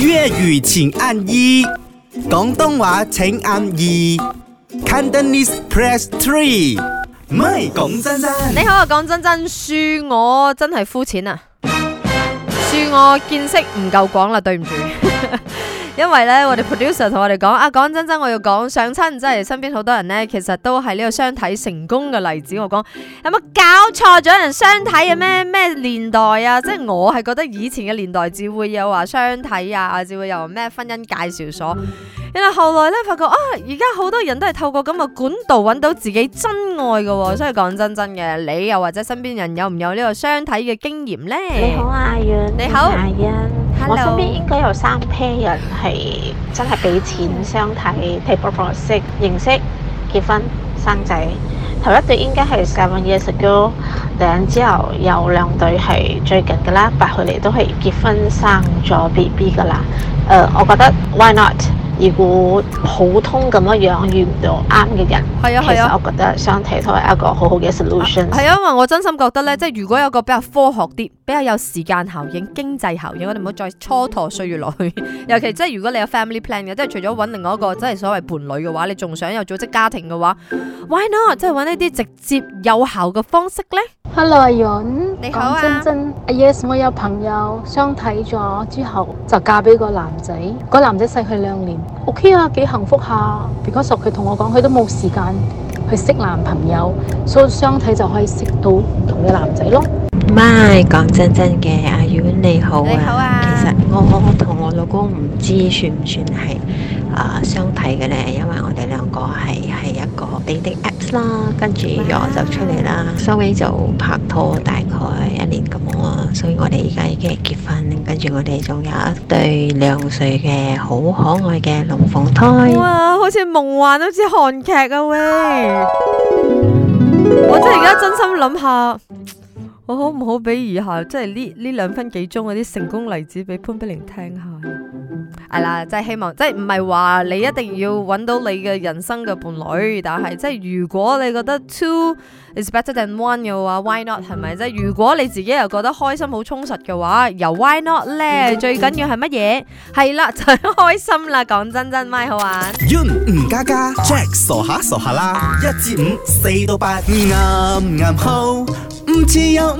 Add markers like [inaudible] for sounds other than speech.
粵語請按一，廣東話請按二，Cantonese press three。唔係講真真，你好啊，講真真，恕我真係膚淺啊，恕我見識唔夠廣啦，對唔住。因為咧，我哋 producer 同我哋講啊，講真真我要講相親，真係身邊好多人呢，其實都係呢個相睇成功嘅例子。我講有冇搞錯咗人相睇嘅咩咩年代啊？即係我係覺得以前嘅年代只會有話相睇啊，只會有咩婚姻介紹所。然後後來咧發覺啊，而家好多人都係透過咁嘅管道揾到自己真愛嘅、啊，所以講真真嘅，你又或者身邊人有唔有呢個相睇嘅經驗呢？你好啊，阿遠，你好。我身邊應該有三 pair 人係真係俾錢相睇、睇波方式認識，結婚生仔。頭一對應該係 seven years ago 之後，有兩對係最近噶啦，但佢哋都係結婚生咗 BB 噶啦。誒，我覺得 why not？如果普通咁樣遇唔到啱嘅人，係啊，係啊，其實我覺得相睇都係一個好好嘅 solution。係啊，啊，因為我真心覺得咧，即係如果有一個比較科學啲、比較有時間效應、經濟效應，我哋唔好再蹉跎歲月落去。 [laughs] 尤其即係如果你有 family plan 嘅，即係除咗揾另外一個真係所謂伴侶嘅話，你仲想有組織家庭嘅話，why not？即係揾一啲直接有效嘅方式咧。Hello，Irene。講真真，啊，yes，我有朋友相睇咗之後就嫁俾個男仔，個男仔細佢兩年，ok 啊，幾幸福下啊。如果熟，佢同我講，佢都冇時間去識男朋友，所以相睇就可以識到唔同個男仔咯。My，講真真嘅，阿苑你好啊。我我同我老公唔知算唔算係啊、呃、相睇嘅呢，因為我哋兩個係係一個 dating apps 啦，跟住我就出嚟啦，收尾哇就拍拖，大概一年咁啊，所以我哋而家已經係結婚，跟住我哋仲有一對兩歲嘅好可愛嘅龍鳳胎。哇，好似夢幻，好似韓劇啊喂！啊我真係而家真心諗下。我好唔好俾以下即係呢呢兩分幾鐘嗰啲成功例子俾潘碧玲聽下？係啦，即係希望，即係唔係話你一定要揾到你嘅人生嘅伴侶，但係即係如果你覺得 two is better than one 嘅話，why not，係咪？即係如果你自己又覺得開心好充實嘅話，由 why not 咧，最緊要係乜嘢？係啦，就開心啦！講真真，咪好玩。嗯，吳家家，Jack 傻下傻下啦，一至五，四到八，啱啱好，唔似有。